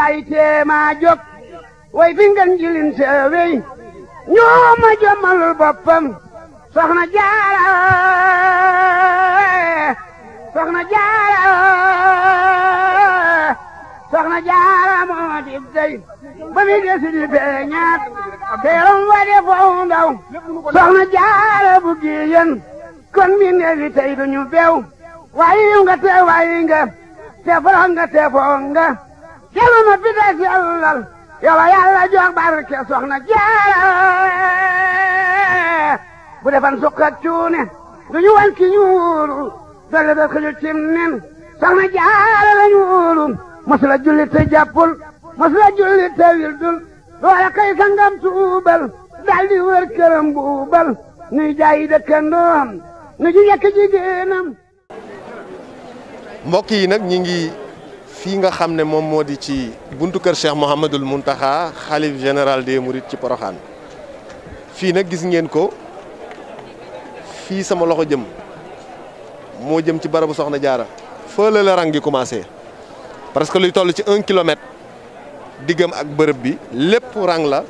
lay tee maa jóg way jilin seewey ñoo ma jëmalul boppam soxna jaara soxna jaara moo di dey ba mi desi di feeñaat teeram wa de fow ndaw soxna jaara bu giyen kon mi neefi tey duñu bew waayi nga te waayi nga te faral nga te fow nga keluma bi da sellal yow yàlla jox barke soxna jaara bu defan suqat cuune duñu wan ki ñuulu dolle da xëju cim nen soxna jaara la ñuulu mosula julli te mosula julli te wildul loola kay sangam tuubal daldi wër këram buubal nuy jaayi dëkkandoom nu ji yekk jigéenam mbokk yi nag ñi ngi fii nga xam ne moom moo di ci buntu kër Cheikh Mouhamadul Mountakha xalif général des Mourides ci Poroxaan fii nag gis ngeen ko fii sama loxo jëm moo jëm ci barabu Soxna Jaara fële la rang gi commencé parce que luy toll ci un kilomètre diggam ak bërëb bi lépp rang la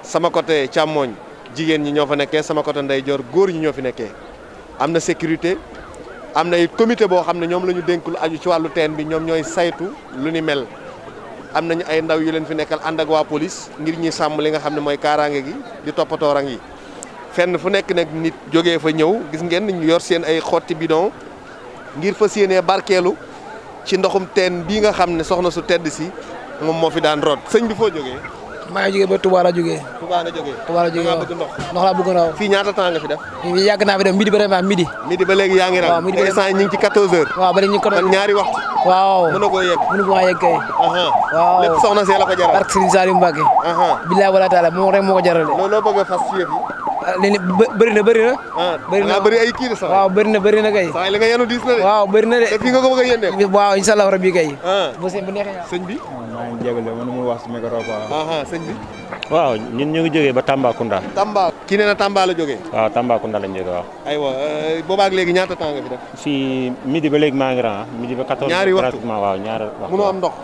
sama côté càmmooñ jigéen ñi ñoo fa nekkee sama côté ndeyjoor góor ñi ñoo fi nekkee am na sécurité. am na it comité boo xam ne ñoom la ñu dénk lu aju ci wàllu teen bi ñoom ñooy saytu lu ni mel am nañu ay ndaw yu leen fi nekkal ànd ak waa polis ngir ñuy sàmm li nga xam ne mooy kaaraange gi di toppatoo rang yi fenn fu nekk nag nit jógee fa ñëw gis ngeen ñu yor seen ay xotti bidon ngir fa yéenee barkeelu ci ndoxum teen bii nga xam ne soxna su tedd si moom moo fi daan root sëñ bi foo jógee. maa ngi jógee ba Touba la jógee. Touba la jógee. Touba la jógee waaw ndox laa bëgg ndox. fii ñaata temps nga fi def. yàgg naa fi def midi ba vraiment midi. midi ba léegi yaa ngi ram. waaw midi ba léegi instant ñu ngi heures. waaw ba léegi ñu ñaari waxtu. waaw mënu koo yegg mënu koo yegg kay. waaw lépp soxna see la ko jaral. barke Serigne Saliou Mbacké. bilaay wala taala moom rek moo ko jarale. léegi bëri na bëri na. Ah, bëri na bëri ay kii de sax waaw bëri na bëri na kay. saa yi la nga yanu diis waaw bëri na de te a yendee. waaw incha kay. Ah. bu sëñ bu bi. Ah, maa ngi jégalu man mu ko rob sëñ waaw ñun ñu ngi jógee ba Tambacounda. Tamba kii nee na Tamba la joge waaw Tambacounda lañ jógee waaw. aywa eh, boobaag léegi ñaata temps nga fi def. fii midi ba léegi maa ngi ran ba. ñaari waxtu pratiquement waaw ñaari am ndox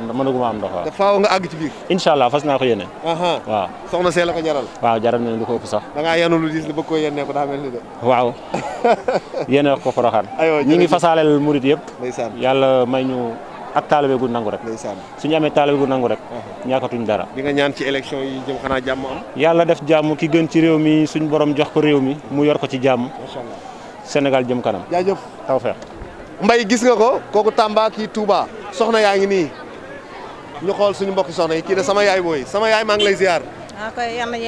mënaguma am ndox waaw. nga àgg ci biir. incha allah fas naa ko yéene. waaw la ko jaral. waaw jaral ko ëpp sax. da ngaa yenu lu diis la bëgg koo yéene ko daa ni de. waaw yéene ko Porokhane. aywa ñu ngi fasaaleel murit yëpp. ndeysaan yàlla may ñu ak taalibe gu nangu rek. ndeysaan suñu amee taalibe gu nangu rek. ñàkkatuñ dara. di nga ñaan ci élection yi jëm xanaa jàmm am. yàlla def jàmm ki gën ci réew mi suñu borom jox ko réew mi mu yor ko ci jàmm. macha allah Sénégal jëm kanam. jaajëf Tawfekh. Mbaye gis nga ko kooku Tamba kii Touba ñu xool suñu mbokki soxna yi kii de sama yaay booy sama yaay maa ngi lay ziar. ah kay yal nañu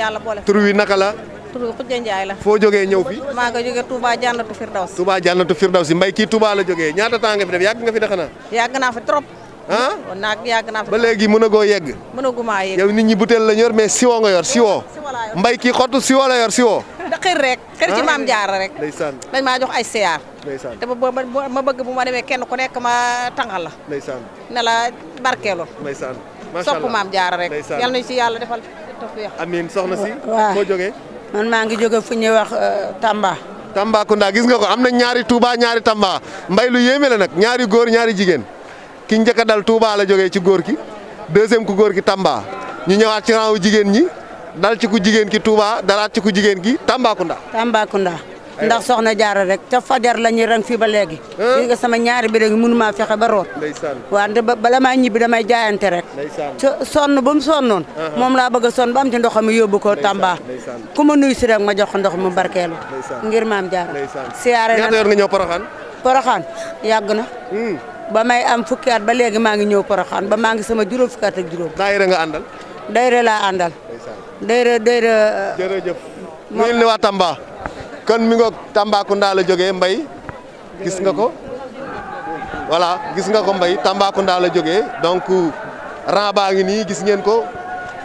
naka la. tur wi Khoudia Ndiaye la. foo jógee ñëw fi. maa ngi jógee Touba Jannatu Firdaws. Touba Jannatu Firdaws mbay kii Touba la jógee ñaata temps nga fi def yàgg nga naa fi trop. Ah? naa fi. ba léegi mënagoo yegg. mënaguma yegg yow nit ñi butéel la ñu yor mais nga yor siwoo. mbay kii xottu siwoo la yor siwoo xër rek xër ci ah. maam jaara rek dañ maa jox ay siyaar te ma bëgg bu ma demee kenn ku nekk ma tàngal la ne la barkeelul sopp maam jaara rek yal nañu ci yàlla defal tawfiix amiin soxna si foo jógee man maa ngi jóge fu ñuy wax euh, Tamba Tambacounda gis nga ko am na ñaari Touba ñaari Tamba mbay lu yéeme la nak ñaari góor ñaari jigéen ki njëkk a dal Touba la jógee ci góor ki deuxième ku góor ki Tamba ñu ñëwaat ci rang ñi dal ci ku jigéen ki Touba dalaat ci ku jigéen ki Tambacounda. Tambacounda ndax soxna jaara rek ca fajar la ñuy rang ba léegi. fii ah. nga sama ñaari bi rek mënumaa fexe ba root. ndeysaan waaw te bala maa ñibbi damay jaayante rek. ndeysaan sonn ba mu sonnoon. Ah. moom laa bëgg a sonn ba am ci ndoxam yóbbu ko Tamba. ku ma nuyu si rek ma jox ko ndox mu barkeelu. ngir maam jaara. siyaare na ñaata yoon nga ñëw Poroxaan. Poroxaan yàgg na. Hmm. ba may am fukki ba léegi maa ngi ñëw Poroxaan ba maa ngi sama juróom fukki at ak juróom. daayira nga àndal. dayre laa àndal. dayre dayre. Euh, jërëjëf. mu waa Tamba. kan mi ngoog Tambacounda la jógee mbay gis nga ko. voilà gis nga ko mbay Tambacounda la jógee donc rang baa ngi nii gis ngeen ko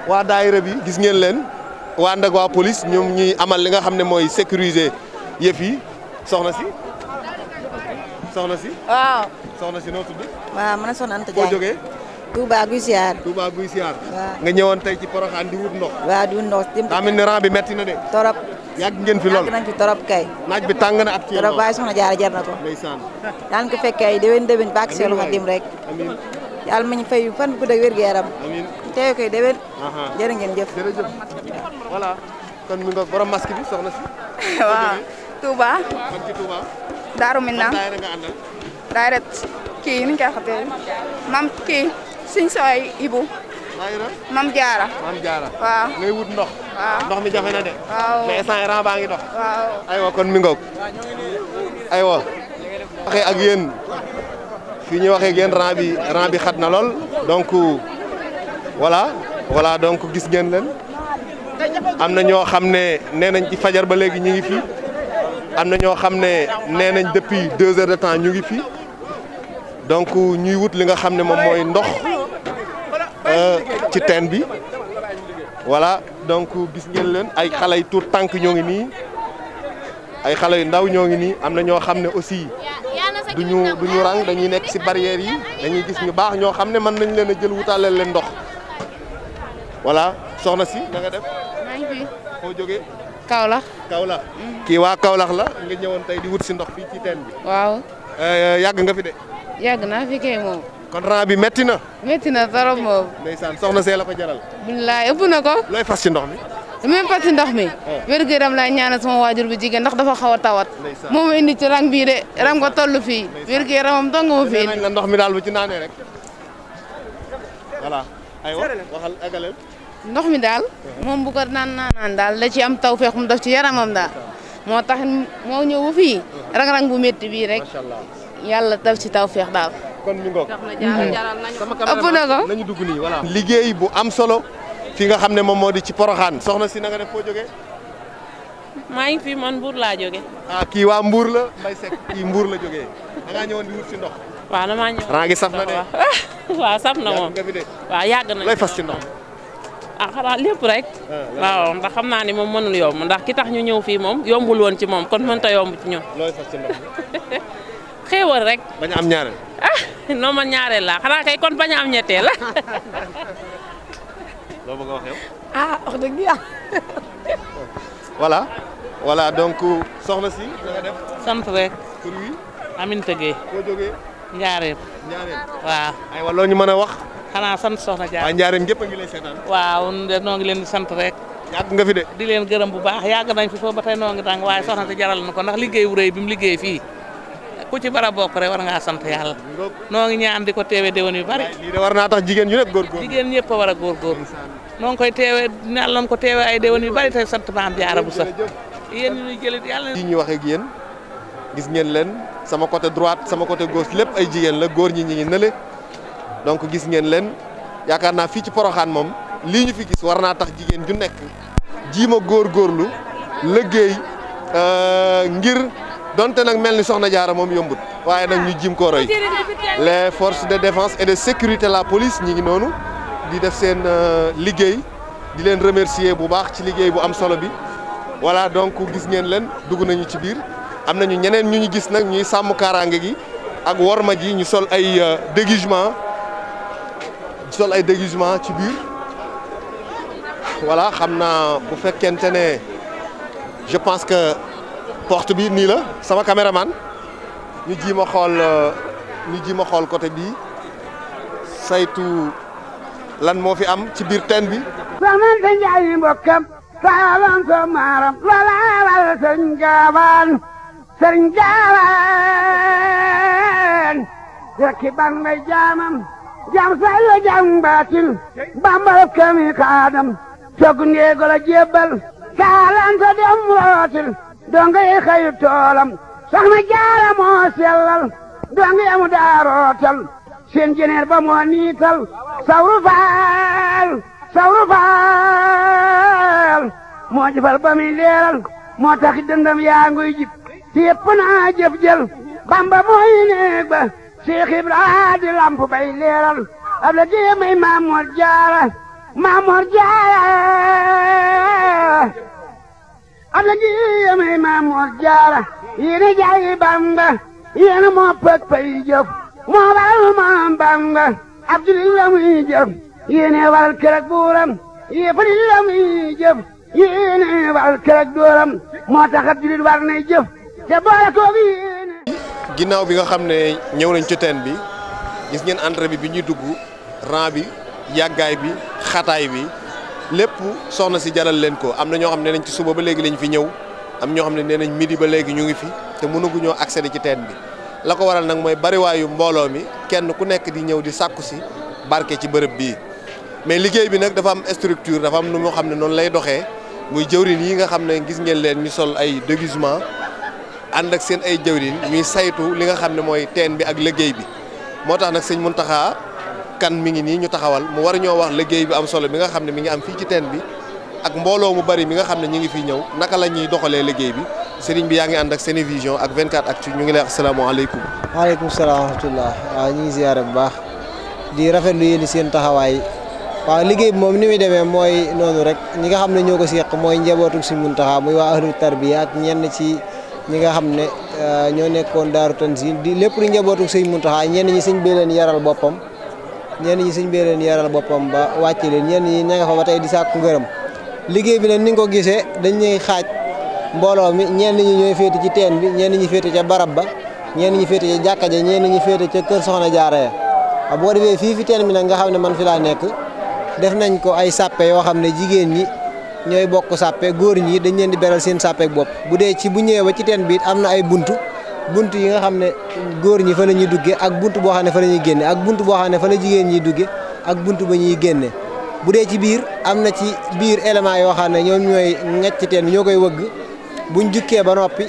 waa daayira bi gis ngeen leen waa ndag waa police ñoom ñuy amal li nga xam ne mooy sécuriser yëf yi soxna si. soxna si. waaw soxna si noo tudd. waaw man a Touba Guy Siar. Touba Guy Siar. waaw nga ñëwoon tey ci Porokhane di wut ndox. waaw di wut ndox. tamit ne rang bi metti na de. torop yàgg ngeen fi lool yàgg nañ fi torop kay. naaj bi tàng na ak ci torop waaye ko. ndeysaan daan ko fekk ay déwén déwén baak seelu xadim rek. amiin yàlla mañ fay fan bu gudd ak wér gu yaram. amiin teew koy déwén. jërë ngeen jëf. jërëjëf voilà kon mi bi soxna si. waaw Touba. man ci Touba. Darou Minam daayira nga àndal. kii ni ñu koy waxatee kii suñ sooy Ibou. Mam Diarra Mam Diarra. waaw wut ndox. ndox mi jafe na de. waaw mais instant baa ngi dox. waaw aywa kon mi ngoog. aywa. waxee ak yéen fii ñuy waxee ak yéen bi rang bi xat na lool donc voilà voilà donc gis geen leen am na ñoo xam ne nee nañ ci fajar ba léegi ñu ngi fi am na ñoo xam ne nee nañ depuis deux heures de temps ñu ngi fi donc ñuy wut li nga xam ne moom mooy ndox. Euh, ci teen bi wala donc gis ngeen leen ay xale yu tur tànk ñoo ngi nii ay xale yu ndaw ñoo ngi nii am na ñoo xam ne aussi duñu duñu rang dañuy nekk si barrière yi dañuy gis ñu baax ñoo xam ne mën nañ leen a jël wutaaleel leen ndox voilà soxna si na nga def. maa ngi fi. foo jógee. Mm. waa Kaolack la nga ñëwoon tey di wut si ndox fii ci teen bi. waaw. Euh, yàgg nga fi de. yàgg naa fi kay moom. kon rang bi métti na. métti na trop moom. soxna see la ko jaral. billaay ëpp na ko. looy fas ci ndox mi. même fas ci ndox mi. Oh. wér gu yaram laay ñaanal sama waajur bu jigéen ndax dafa xaw a tawat. moom a indi ci rang bii de rang ko toll fii. wér gu yaramam dong ma fi indi. ndox mi daal bu ci naanee rek. mi daal. Uh-huh. moom bu ko naan naanaan daal la ci am taw feex mu def ci yaramam daal. moo tax moo ñëw ba fii. Uh-huh. rang-rang bu metti bii rek. yàlla daf ci taw feex daal. kon mi ngoog mhm. ëpp na ko nañu dugg nii voilà. liggéey bu am solo fi nga xam ne moom moo di ci Poroxaan soxna si na nga def foo maa ngi fi man Mbour laa jógee. Ah, kii waa Mbour la Mbaye Seck kii Mbour la jógee da ngaa ñëwoon di wut si ndox. waaw damaa ñëw raa ngi saf na de. waaw saf na moom yàgg nañu lay fas ci ndox. a ah, xanaa lépp rek. Ah, waaw ndax xam naa ni moom mënul yomb ndax ki tax ñu ñëw fii moom yombul woon ci moom kon ta yomb ci ñoom looy fas ci rek. bañ am ñaareel. non ma ñaareel laa xanaa kay kon bañ a am ñetteel. loo bëgg a ah, soxna si na nga sant rek. tur wi. Aminata Gueye. koo jógee. loo ñu mën a wax. xanaa sant soxna Dia. waaw Njaareem ñëpp a ngi lay seetaan. waaw noo ngi leen sant rek. yàgg nga fi de. di leen gërëm bu baax yàgg nañ fi foofu ba tey noo ngi tàng waaye soxna si jaral na ko ndax liggéey wu rëy mu liggéey fii. ku ci bara bokk rek war ngaa sant yàlla noo ngi ñaan di ko teewe déwén yu bari lii de war naa tax jigéen ñu nekk góorgóorlu jigéen ñëpp a noo ngi koy teewe yàlla na ko teewe ay déwén yu bari te sant maam jaara bu sax yéen ñu jëlit yàlla yi ñu waxee ak yéen gis ngeen leen sama côté droite sama côté gauche lépp ay jigéen la góor ñi ñi ngi le donc gis ngeen leen yaakaar naa fii ci Poroxaan moom lii ñu fi gis war naa tax jigéen ju nekk jiima góorgóorlu liggéey euh, ngir donte nag mel ni soxna jaara moom yombut waaye nag ñu jim ko roy les forces de défence et de sécurité la police ñi ngi noonu di def seen euh, liggéey di leen remercier bu baax ci liggéey bu am solo bi voilà donc gis ngeen leen dugg nañu ci biir am na ñu ñeneen ñu ñu gis nag ñuy sàmm kaaraange gi ak worma ji ñu sol ay euh, déguisement sol ay déguisement ci biir voilà xam naa bu fekkente ne je pense que porte bi nii la sama caméraman ñu ji ma xool ñu ji ma xool côté bii saytu lan moo fi am ci biir teen bi. saman sa njaay yi mbokkam saalan maaram walaalal sëñ gaawaan sëñ gaawaan rekki ban jaamam jam say la jam baatin bambal kami xaadam soog ndeego la jébbal saalan sa dem rootil donga yi xayu toolam soxna jaara moo sellal donga yamu daarootal seen jeneer ba moo niital sawru faal sawru faal moo jëfal ba muy leeral moo tax dëndam yaa nguy jib te yëpp naa jëf jël bamba ba Seex Ibra di lamp bay leeral ab la jéemay Maamoor Jaara Maamoor Jaara la gi yemay maam Mor Jaara yéen a jaay Bamba yéen a moo pëg pay jëf moo waral maam Bamba abduli la muy jëf yéen a waral keroog buuram yéefari la muy jëf yéen a waral keroog dooram moo tax abduli war nay jëf te boole kooku yéen ginnaaw bi nga xam ne ñëw nañ ci teen bi gis ngeen entrée bi bi ñuy dugg rang bi yàggaay bi xataay bi lépp soxna si jaral leen ko am na ñoo xam ne nañ ci suba ba léegi lañ fi ñëw am ñoo xam ne nee nañ midi ba léegi ñu ngi fi te mënaguñoo accéder ci teen bi la ko waral nag mooy bariwaayu mbooloo mi kenn ku nekk di ñëw di sàkku si barke ci bërëb bii mais liggéey bi nag dafa am structure dafa am nu moo xam ne noonu lay doxee muy jëwrin yi nga xam ne gis ngeen leen ñu sol ay déguisement ànd ak seen ay jëwrin ñuy saytu li nga xam ne mooy teen bi ak liggéey bi moo tax nag sëñ Muntaxa kan mi ngi nii ñu taxawal mu war ñoo wax liggéey bi am solo bi nga xam ne mi ngi am fii ci teen bi ak mbooloo mu bari mi nga xam ne ñu ngi fii ñëw naka la ñuy doxalee liggéey bi bi yaa ngi ànd ak Sene Vision ak 24 actu ñu ngi lay wax salaamaaleykum. waaleykum salaam wa di seen taxawaay waaw liggéey moom ni muy demee mooy noonu rek ñi nga xam ne ñoo ko seq mooy njabootu Sëriñ Muntaxa muy waa ahlu tarbiya ak ñenn ci ñi nga xam ne euh, ñoo nekkoon Daaru Tanzil di lépp lu njabootu Sëriñ Muntaxa ñenn ñi sëñ bi leen yaral boppam. ñenn ñi sëñ beereen leen yaral boppam ba wàcce leen ñenn ñi ña nga fa ba tey di sàkku ngërëm liggéey bi nag ni nga ko gisee dañ ñuy xaaj mbooloo mi ñenn ñi ñooy féete ci teen bi ñenn ñi féete ca barab ba ñenn ñi féete ca jàkka ja ñenn ñi féete ca kër soxna jaara ya waaw boo defee fii fi teen bi nag nga xam ne man fi laa nekk def nañ ko ay sàppe yoo xam ne jigéen ñi ñooy bokk sàppe góor ñi dañ leen di beral seen sàppeek bopp bu dee ci bu ñëwee ba ci teen bi am na ay buntu bunt yi nga xam ne góor ñi fa la ñuy duggee bunt boo ne fa la ñuy génne bunt boo xam ne fa jigéen ñiy dugge ak bunt ba ñuy génne bu dee ci biir am na ci biir élément yoo xam ne ñoom ñooy ŋecc teen bi ñoo koy wëgg buñ jukkee ba noppi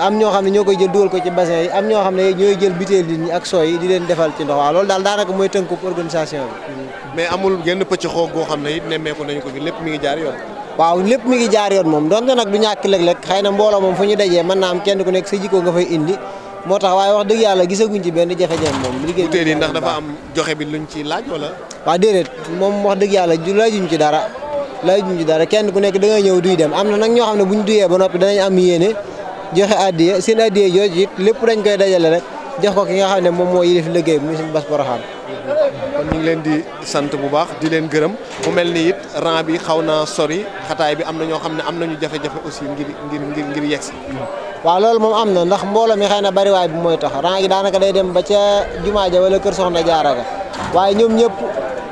am ñoo xam ne ñoo koy jël dugal ko ci bassin yi am ñoo xam ne ñooy jël butéel nit ñi ak sooy yi di leen defal ci ndox waaw loolu daal daanaka mooy tënku organisation bi. mais amul genn pëcc xoo goo xam ne it nemmeeku nañu ko fi lépp mi ngi jaar yoon. waaw lépp mi ngi jaar yoon moom donte nag du ñàkk léeg-léeg xëy na mbooloo moom fu ñu dajee mën naa am kenn ku nekk sa jikko nga fay indi moo tax waaye wax dëgg yàlla gisaguñ ci benn jafe-jafe moom. liggéey bi am joxe bi luñ ci laaj wala. waaw moom wax dëgg yàlla laajuñ ci dara laajuñ di dara kenn ku nekk da ñëw duy dem am na nag ñoo xam ne bu ñu duyee ba noppi danañ am yéene joxe addiya seen addiya jooju it lépp dañ koy dajale rek jox ko ki nga xam ne moom moo yilif liggéey bi mu suñu bas boroxaam kon ñu ngi leen di sant bu baax di leen gërëm mu mel ni it rang bi xaw naa sori xataay bi am na ñoo xam ne am nañu jafe-jafe aussi ngir ngir ngir ngir yegg si. waaw loolu moom am na ndax mbooloo mi xëy na bariwaay bi mooy tax rang yi daanaka day dem ba ca jumaa ja wala kër soxna jaara ga waaye ñoom ñëpp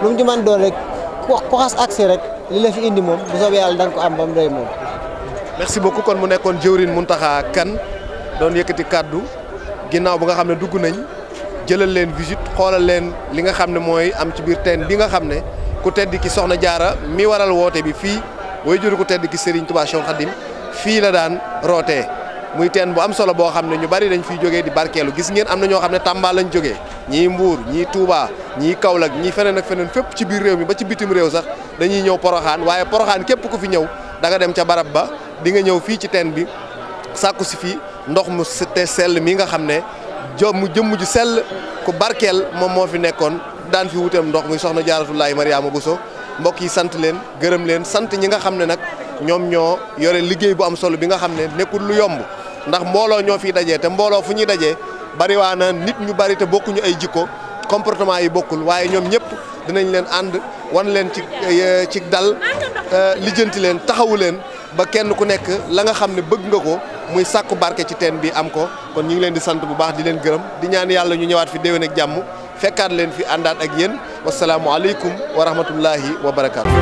lu mu ci doon rek ku xas accès rek li la fi indi moom bu soobee yàlla da ko am ba mu doy moom. merci beaucoup kon mu nekkoon jëwrin mun Mountakha kan doon yëkkati kàddu ginnaaw bu nga xam ne dugg nañ. jëlal leen visite xoolal leen li nga xam ne mooy am ci biir teen bi nga xam ne ku tedd ki soxna jaara mi waral woote bi fii way juru ku tedd ki Serigne Touba Cheikh Khadim fii la daan roote muy teen bu am solo boo xam ne ñu bari dañ fiy jógee di barkeelu gis ngeen am na ñoo xam ne Tamba lañ jógee ñii Mbuur ñii Touba ñii Kaolack ñii feneen ak feneen fépp ci biir réew mi ba ci bitim réew sax dañuy ñëw Poroxaan waaye Poroxaan képp ku fi ñëw danga dem ca barab ba di nga ñëw fii ci teen bi sàkku si fii ndox mu te sell mi nga xam ne jom jëmm ju sell ku barkeel moom moo fi nekkoon daan fi wuteem ndox muy soxna Jaaratullaahi Mariama Bousso mbokk yi sant leen gërëm leen sant ñi nga xam ne nag ñoom ñoo yore liggéey bu am solo bi nga xam ne nekkul lu yomb ndax mbooloo ñoo fiy dajee te mbooloo fu ñuy dajee bari na nit ñu bari te bokkuñu ay jikko comportement yi bokkul waaye ñoom ñëpp dinañ leen ànd wan leen ci ci dal euh, lijjanti leen taxawu leen ba kenn ku nekk la nga xam ne bëgg nga ko muy sàkku barke ci teen bi am ko kon ñu ngi leen di sant bu baax di leen gërëm di ñaan yàlla ñu ñëwaat fi déwén ak jàmm fekkaat leen fi àndaat ak yéen wasalaamualeykum wa rahmatullahi wa barakaatu.